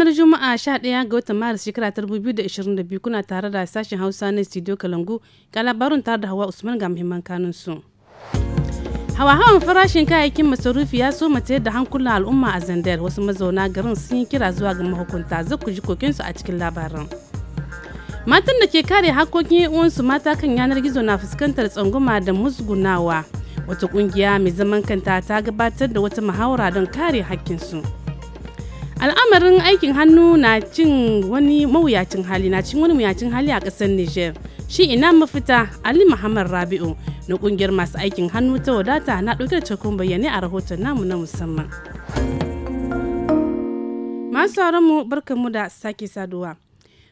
ranar Juma'a 11 ga watan Maris shekara 2022 kuna tare da sashen Hausa na Studio Kalangu ga labarin tare da Hawa Usman ga muhimman kanun su. Hawa-hawan farashin kayayyakin masarufi ya so mace da hankulan al'umma a Zandar wasu mazauna garin sun yi kira zuwa ga mahukunta za ku ji kokinsu a cikin labarin. Matan da ke kare hakokin uwansu mata kan yanar gizo na fuskantar tsangwama da musgunawa. Wata kungiya mai zaman kanta ta gabatar da wata muhawara don kare hakkinsu. su. al'amarin aikin hannu na cin wani mawuyacin hali na cin wani mawuyacin hali a ƙasar niger shi ina mafita ali muhammad rabi'u na ƙungiyar masu aikin hannu ta wadata na ɗauke da cakon bayyane a rahoton namu na musamman masu mu barkanmu da sake saduwa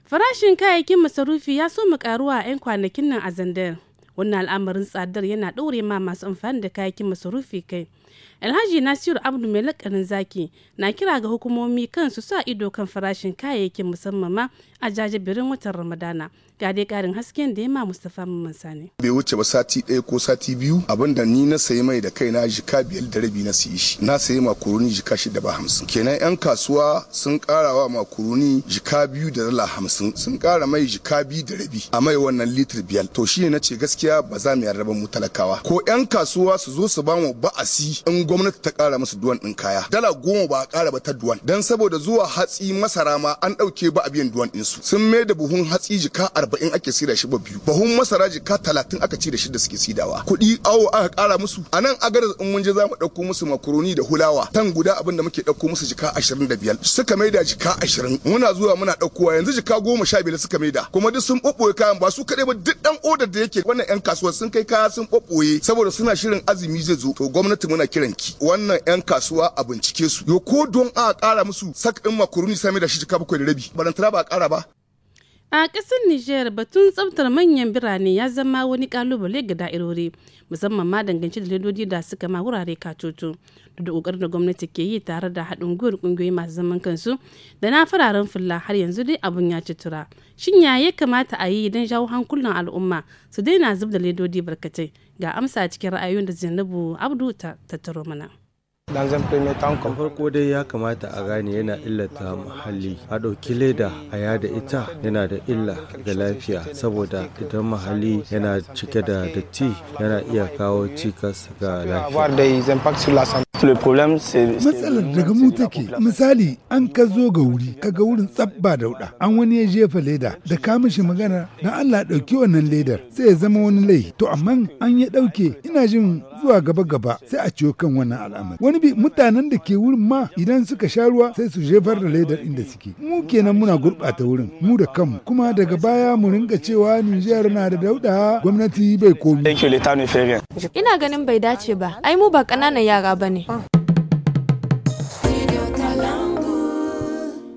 farashin kayayyakin masarufi ya so mu karuwa a 'yan kwanakin nan a zandar wannan al'amarin tsadar yana ɗaure ma masu amfani da kayayyakin masarufi kai alhaji nasiru abdu mai lakanin zaki na kira ga hukumomi kan su sa ido kan farashin kayayyakin musamman ma a jajibirin watan ramadana ga dai karin hasken da ya ma mustafa mamman sani bai wuce ba sati ɗaya ko sati biyu abinda ni na sayi mai da kaina jika biyar da rabi na siyi shi na sayi makuruni jika shida ba hamsin kenan yan kasuwa sun ƙara wa makuruni jika biyu da dala hamsin sun ƙara mai jika biyu da rabi a mai wannan litir biyar to shi ne na ce gaskiya ba za mu yarda ba mu talakawa ko yan kasuwa su zo su ba mu ba'asi in gwamnati ta kara musu duwan ɗin kaya dala goma ba a ƙara ba ta duwan dan saboda zuwa hatsi masara ma an dauke ba a biyan duwan su sun mai da buhun hatsi jika arba'in ake sida shi ba biyu buhun masara jika talatin aka ci da shi da suke sidawa kuɗi awo aka kara musu a nan agar in mun je za mu ɗauko musu makaroni da hulawa tan guda abin da muke dauko musu jika ashirin da biyar da jika ashirin muna zuwa muna wa yanzu jika goma sha biyar suka da kuma duk sun bubboye kayan ba su kaɗai ba duk dan order da yake wannan 'yan kasuwa sun kai kaya sun bubboye saboda suna shirin azumi zai zo to gwamnati muna kiran ki wannan yan kasuwa a bincike su yo ko don a kara musu sak din makuruni sami da shi ka bakwai da rabi barantana ba a kara ba a ƙasar niger batun tsabtar manyan birane ya zama wani kalubale ga da'irori musamman ma dangance da ledodi da suka ma wurare katoto da ƙoƙarin da gwamnati ke yi tare da haɗin gwiwar ƙungiyoyi masu zaman kansu da na fararen fulla har yanzu dai abun ya ci tura shin ya kamata a yi don jawo hankulan al'umma su daina zub da ledodi barkatai ga amsa cikin ra'ayoyin da zainabu abdu ta tattaro mana Kan farko dai ya kamata a gane yana illata muhalli. A ɗauki leda a yada ita yana da illa ga lafiya saboda idan muhalli yana cike da datti yana iya kawo cikas ga lafiya. Matsalar daga mu take misali an ka zo ga wuri ka ga wurin tsabba da dauɗa an wani ya jefa leda da ka mashi magana na Allah ɗauki wannan ledar sai ya zama wani laifi to amma an ya ɗauke ina jin zuwa gaba-gaba sai a ciwo kan wannan al'amari. Wani bi mutanen da ke wurin ma idan suka sha ruwa sai su jefar da ledar inda suke. Mu kenan muna gurɓata wurin mu da kanmu kuma daga baya mu ringa cewa Nijar na da dauda gwamnati bai komi. Ina ganin bai dace ba, ai mu ba ƙananan yara ba ne.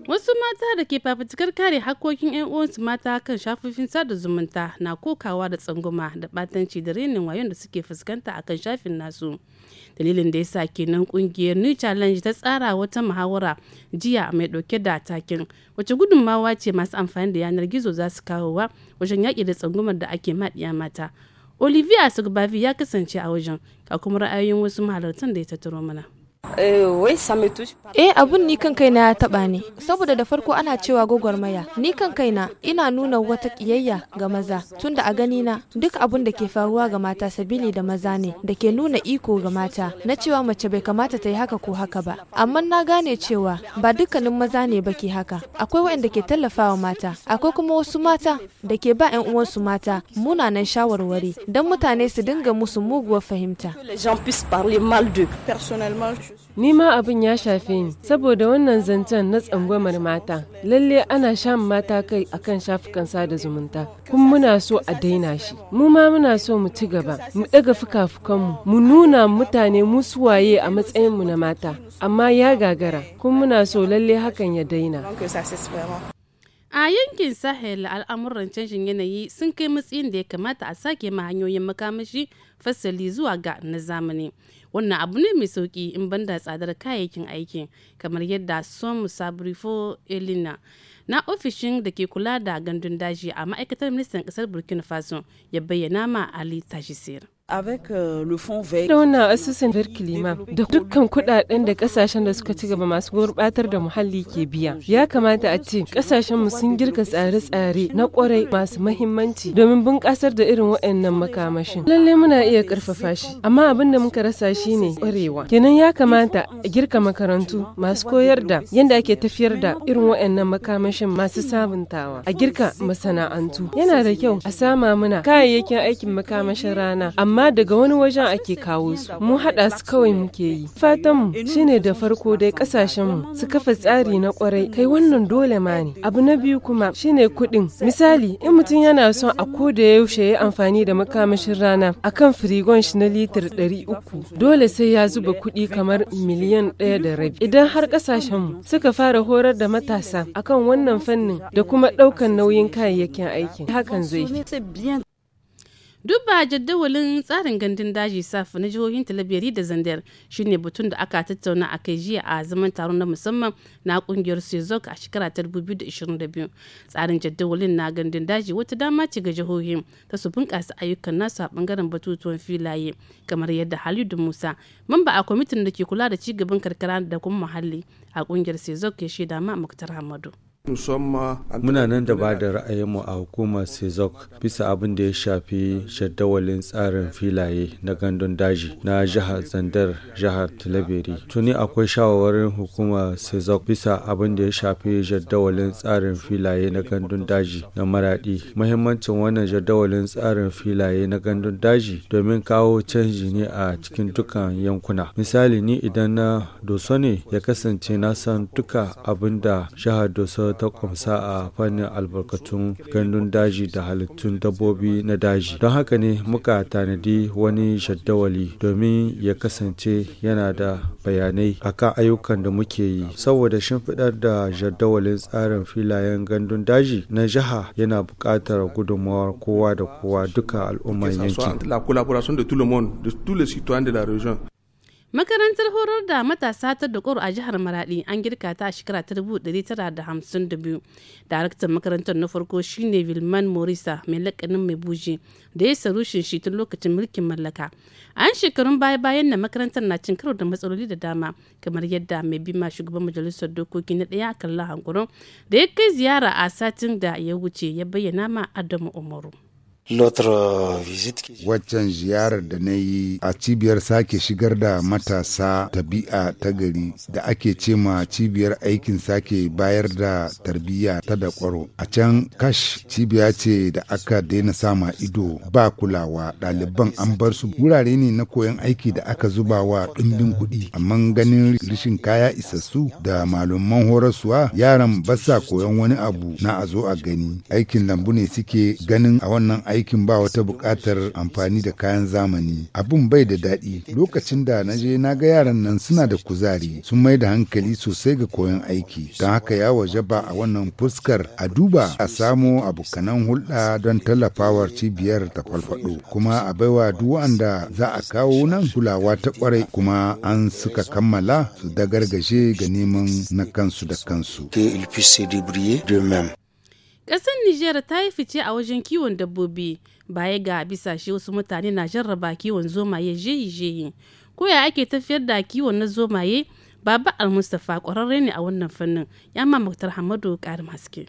Wasu mata da ke fafutukar kare hakkokin 'yan uwansu mata kan shafofin sada zumunta na kokawa da tsanguma da batanci da renin wayon da suke fuskanta akan shafin nasu. Dalilin da ya sa kenan kungiyar New Challenge ta tsara wata muhawara jiya mai dauke da takin wace gudunmawa ce masu amfani da yanar gizo za su kawowa wajen yaƙi da tsangumar da ake maɗiya mata. Olivia Sugbavi ya kasance a wajen ga kuma ra'ayoyin wasu mahalartan da ya tattaro mana. Eh, eh abun ni kan na ya taba ne saboda da farko ana cewa gwagwarmaya ni kan kai na ina nuna wata kiyayya ga maza tunda a gani na duk abun da ke faruwa ga mata sabili da maza ne da ke nuna iko ga mata na cewa mace bai kamata ta yi haka ko haka ba amma na gane cewa ba dukkanin maza ne ba ke haka akwai waɗanda ke tallafawa mata akwai kuma wasu mata da ke ba 'yan uwansu mata munanan shawarwari don mutane su dinga musu muguwar fahimta. Ni ma abin ya shafe ni, saboda wannan zancen na tsangwamar mata. Lalle ana shan mata kai a kan shafukan sada zumunta, kuma muna so a daina shi. Mu ma muna so mu ci gaba, mu ɗaga fuka-fukanmu, mu nuna mutane mu suwaye a matsayinmu na mata, amma ya gagara, kuma muna so lalle hakan ya daina. a yankin sahel al'amuran canjin yanayi sun kai matsayin da ya kamata a sake ma hanyoyin makamashi fasali zuwa ga na zamani wannan abu ne mai sauki in banda tsadar kayayyakin aiki kamar yadda somu sabrifo elina na ofishin da ke kula da gandun daji a ma'aikatar ministan kasar burkina faso ya bayyana ma ali tashisir Euh, da wannan asusun kilima da dukkan kudaden da kasashen da suka ci gaba masu gurbatar da muhalli ke biya. Ya kamata a ce mu sun girka tsare-tsare na kwarai masu mahimmanci domin bunƙasar da irin waɗannan makamashin. Lallai muna iya ƙarfafa shi, amma abin da muka rasa shi ne ƙwarewa. Kenan ya kamata a girka makarantu masu koyar da yadda ake tafiyar da irin waɗannan makamashin masu sabuntawa. A girka masana'antu. Yana da kyau a sama muna kayayyakin aikin makamashin rana, amma amma daga wani wajen ake kawo su mu haɗa su kawai muke yi fatanmu shine da farko dai ƙasashenmu su kafa tsari na kwarai kai wannan dole ma ne abu na biyu kuma shine kuɗin misali in mutum yana son a ko da yaushe ya amfani da makamashin rana akan firigon shi na litir ɗari uku dole sai ya zuba kuɗi kamar miliyan ɗaya da rabi idan har ƙasashenmu suka fara horar da matasa akan wannan fannin da kuma ɗaukan nauyin kayayyakin aiki hakan zai fi duk ba jadawalin tsarin gandun daji safi na jihohin talabiyari da zandar shine batun da aka tattauna a kai jiya a zaman taron na musamman na kungiyar sezok a shekara ta 2022 tsarin jadawalin na gandun daji wata dama ce ga jihohin ta su bunƙasa ayyukan nasu a bangaren batutuwan filaye kamar yadda halidu musa mamba a kwamitin da ke kula da cigaban karkara da kuma muhalli a kungiyar sezok ya shaida ma muktar hamadu Muna nan da ba da ra'ayinmu a hukumar Sezok bisa abin da ya shafi jadawalin tsarin filaye na gandun daji na jihar Zandar jihar Talabiri. Tuni akwai shawarwarin hukumar Sezok bisa abin da ya shafi jadawalin tsarin filaye na gandun daji na maradi. Muhimmancin wannan jadawalin tsarin filaye na gandun daji domin kawo canji ne a cikin dukkan yankuna. Misali ni idan na Doso ne ya kasance na san duka abin da jihar Doso ta kwamsa a fannin albarkatun gandun daji da halittun dabbobi na daji don haka ne muka tanadi wani jaddawali domin ya kasance yana da bayanai akan ayyukan da muke yi saboda shimfiɗar da jadawalin tsarin filayen gandun daji na jiha yana bukatar gudunmawar kowa da kowa duka al'ummar yankin Makarantar horar da matasa ta Dukur a jihar Maradi an girka ta a shekara ta 1952. Daraktan makarantar na farko shine Vilman Morisa mai lakanin mai buji da ya sarushin shi tun lokacin mulkin mallaka. An shekarun baya-bayan na makarantar na cin karo da matsaloli da dama kamar yadda mai bima shugaban majalisar dokoki na ɗaya kan hankuron da ya kai ziyara a satin da ya wuce ya bayyana ma Adamu Umaru. Waccan ziyarar da na yi a cibiyar sake shigar da matasa tabi'a ta gari da ake ce ma cibiyar aikin sake bayar da tarbiyya ta da kwaro. A can kash cibiya ce da aka daina sama ido ba kulawa ɗaliban an bar su wurare ne na koyon aiki da aka zuba wa ɗumbin kuɗi. Amma ganin rishin kaya isassu da malaman horaswa yaran ba sa koyon wani abu na a zo a gani. Aikin lambu ne suke ganin a wannan aiki aikin ba wata buƙatar amfani da kayan zamani abun bai da daɗi lokacin da na je na ga yaran nan suna da kuzari sun mai da hankali sosai ga koyon aiki don haka ya waje ba a wannan fuskar a duba a samo abokanan hulɗa don tallafawar cibiyar ta farfaɗo kuma a baiwa duk wanda za a kawo nan kulawa ta kwarai kuma an suka kammala su dagargaje ga neman na kansu da kansu. Ƙasar Nijar ta yi fice a wajen kiwon dabbobi baya ga shi wasu mutane na jarraba kiwon zomaye jeyi-jeyi. Ko ya ake tafiyar da kiwon na zomaye? Baba Al-Mustapha ƙwararre ne a wannan fannin, ya mamaktar Hamadu ƙarin haske.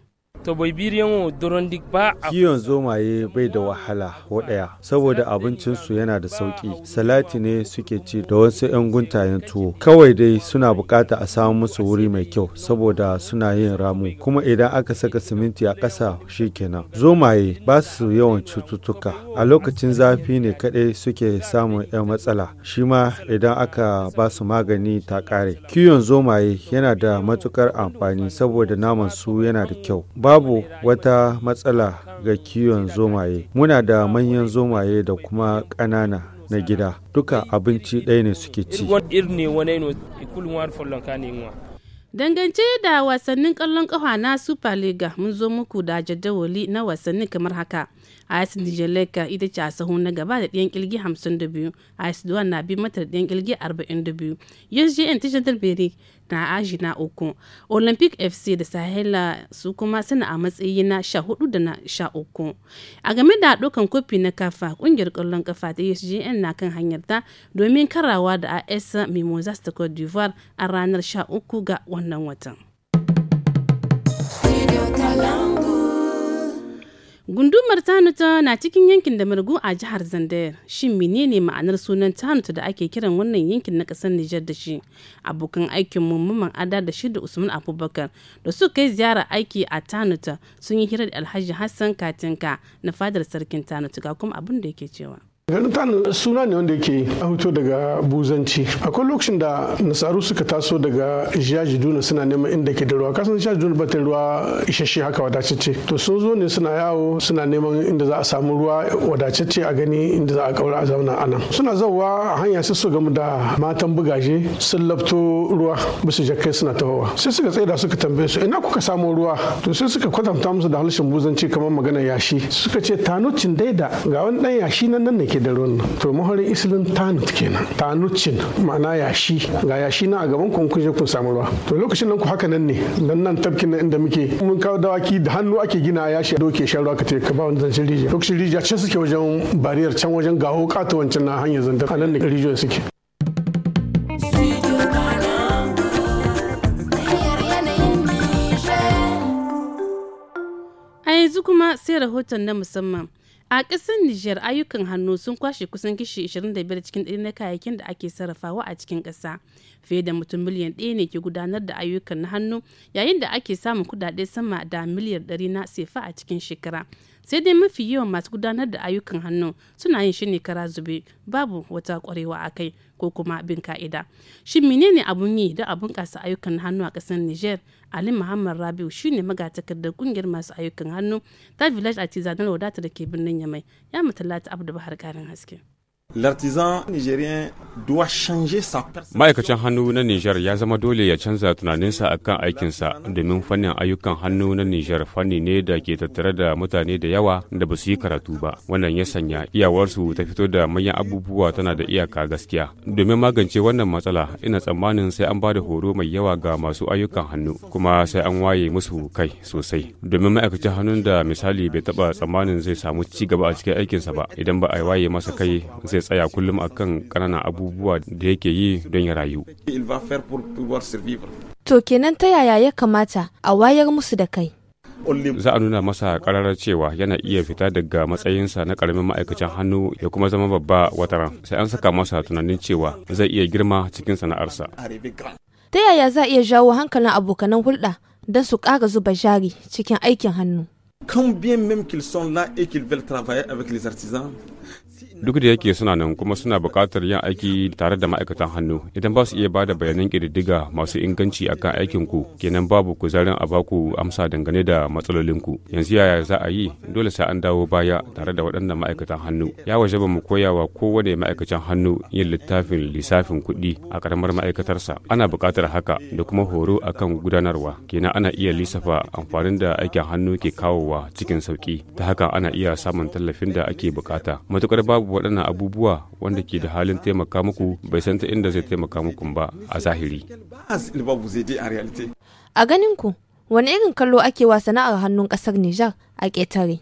Kiyon zomaye bai da wahala waɗaya saboda abincinsu yana da sauki Salati ne suke ci da wasu 'yan guntayen tuwo. Kawai dai suna buƙata a samu musu wuri mai kyau saboda suna yin ramu. Kuma idan aka saka siminti a ƙasa shikenan. Zomaye ba su yawan cututtuka. A lokacin zafi ne kaɗai suke samun 'yan matsala. Shi ma idan aka ba su magani ta ƙare. Kiyon zomaye yana da matukar amfani saboda naman su yana da kyau. babu wata matsala ga kiwon zomaye muna da manyan zomaye da kuma ƙanana na gida duka abinci ɗaya ne suke ci Dangance da wasannin kallon ƙafa na Super League mun zo muku da jadawali na wasanni kamar haka. AS Nijaleka ita ce a sahu na gaba da ɗiyan kilgi 52, AS Duwan na bi mata da ɗiyan kilgi 42. USGN ta jantar bere na aji na uku. Olympic FC da Sahela su kuma suna a matsayi na 14 da na 13. A game da ɗaukan kofi na kafa, ƙungiyar ƙwallon kafa ta USGN na kan hanyar ta domin karawa da AS Mimosa ta Cote d'Ivoire a ranar sha uku ga wannan watan. Gundumar Tanuta na cikin yankin da Margu a jihar Zandayar. Shin menene ma'anar sunan Tanuta da ake kiran wannan yankin na ƙasar Nijar da shi? Abokan aikin mummuman ada da shi da Usman Abubakar da su kai ziyara aiki a Tanuta sun yi hirar Alhaji Hassan Katinka na fadar sarkin Tanuta ga kuma abin da yake cewa. Garutan suna ne wanda yake a hoto daga buzanci. Akwai lokacin da nasaru suka taso daga duna suna neman inda ke da ruwa. Kasan Jajiduna ba ta ruwa isasshe haka wadacece. To sun zo ne suna yawo suna neman inda za a samu ruwa wadacece a gani inda za a kaura a zauna a Suna zauwa a hanya sai su gamu da matan bugaje sun labto ruwa bisu jakai suna tahowa. Sai suka da suka tambaye su ina kuka samu ruwa? To sai suka kwatanta musu da harshen buzanci kamar magana yashi. Suka ce tanucin daida ga wani dan yashi nan nan ne ke da ruwan nan to mahorin isilin tanut kenan tanucin ma'ana yashi ga yashi na a gaban ku kun je kun samu ruwa to lokacin nan ku haka nan ne nan nan tafkin nan inda muke mun kawo dawaki da hannu ake gina yashi doke shan ruwa ka ka ba wani zancen rijiya lokacin rijiya can suke wajen bariyar can wajen gaho wancan na hanyar zantar a nan ne rijiyoyin suke yanzu kuma sai rahoton na musamman a ƙasar nijar ayyukan hannu sun kwashe kusan kishi 25 cikin ɗari na kayayyakin da ake sarrafawa a cikin ƙasa fiye da mutum miliyan ɗaya ne ke gudanar da ayyukan hannu yayin da ake samun kudade sama da miliyan ɗari na sefa a cikin shekara sai dai mafi yawan masu gudanar da ayyukan hannu suna yin shi ne kara zube babu wata kwarewa a kai ko kuma bin ka'ida shin menene abun yi da abun kasa ayyukan hannu a kasar niger ali muhammad rabiu shi shine magatakardar kungiyar masu ayyukan hannu ta village artisanal wadatar da ke birnin yamai ya matalata abu da bahar karin haske Ma'aikacin hannu na Nijar ya zama dole ya canza tunaninsa kan aikinsa domin fannin ayyukan hannu na Nijar fanni ne da ke tattare da mutane da yawa da ba su yi karatu ba. Wannan ya sanya iyawarsu ta fito da manyan abubuwa tana da iyaka gaskiya. Domin magance wannan matsala ina tsammanin sai an ba da horo mai yawa ga masu ayyukan hannu kuma sai an waye musu kai sosai. Domin ma'aikacin hannun da misali bai taba tsammanin zai samu ci gaba a cikin aikinsa ba idan ba a waye masa kai zai zai tsaya kullum a kan ƙananan abubuwa da yake yi don ya rayu to kenan ta yaya ya kamata a wayar musu da kai za a nuna masa kararar cewa yana iya fita daga matsayinsa na karamin ma'aikacin hannu ya kuma zama babba wataran sai an saka masa tunanin cewa zai iya girma cikin sana'arsa ta yaya za a iya jawo hankalin abokanan hulɗa don su ƙara zuba jari cikin aikin hannu duk da yake suna nan kuma suna buƙatar yin aiki tare da ma'aikatan hannu idan ba su iya ba da bayanan ƙididdiga masu inganci a kan aikinku kenan babu kuzarin a baku amsa dangane da matsalolin ku yanzu yaya za a yi dole sai an dawo baya tare da waɗannan ma'aikatan hannu ya waje ba mu koya wa kowane ma'aikacin hannu yin littafin lissafin kuɗi a ƙaramar ma'aikatarsa ana buƙatar haka da kuma horo akan gudanarwa kenan ana iya lissafa amfanin da aikin hannu ke kawowa cikin sauƙi ta haka ana iya samun tallafin da ake buƙata matuƙar babu waɗannan abubuwa wanda ke da halin taimaka muku bai san ta inda zai taimaka muku ba a zahiri. A ganin ku, wani irin kallo ake wa sana'ar hannun ƙasar Nijar a ƙetare?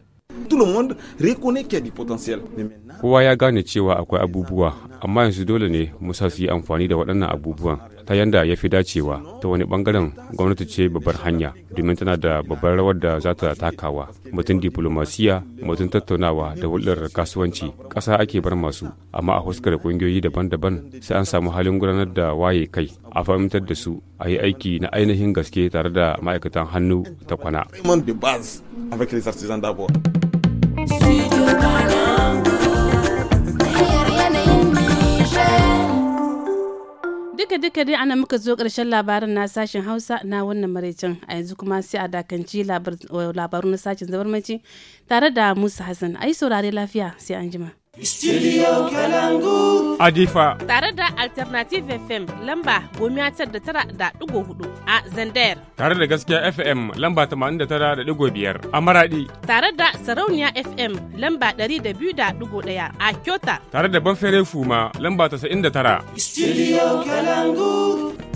Kowa ya gane cewa akwai abubuwa, amma yanzu dole ne musa su yi amfani da waɗannan abubuwan ta yanda ya fi dacewa ta wani bangaren gwamnati ce babbar hanya domin tana da babbar rawar da za ta takawa mutum diplomasiya mutum tattaunawa da hulɗar kasuwanci ƙasa ake bar masu amma a huskar ƙungiyoyi daban-daban sai an samu halin gudanar da waye kai a fahimtar da su a yi aiki na ainihin gaske tare da ma'aikatan hannu ta kwana. Studio duka duka ana muka zo karshen labarin na sashen hausa na wannan maraicin a yanzu kuma sai a dakanci labaru na sashen zabarmaci tare da musa hassan a yi saurare lafiya sai an jima. Adifa. Tare da Alternative FM lamba gomiya da tara a Zender. Tare da gaskiya FM lamba 89.5 a Maradi. Tare da Sarauniya FM lamba 200.1 a Kyota. Tare da Banfere Fuma lamba 99. Studio Kalangu.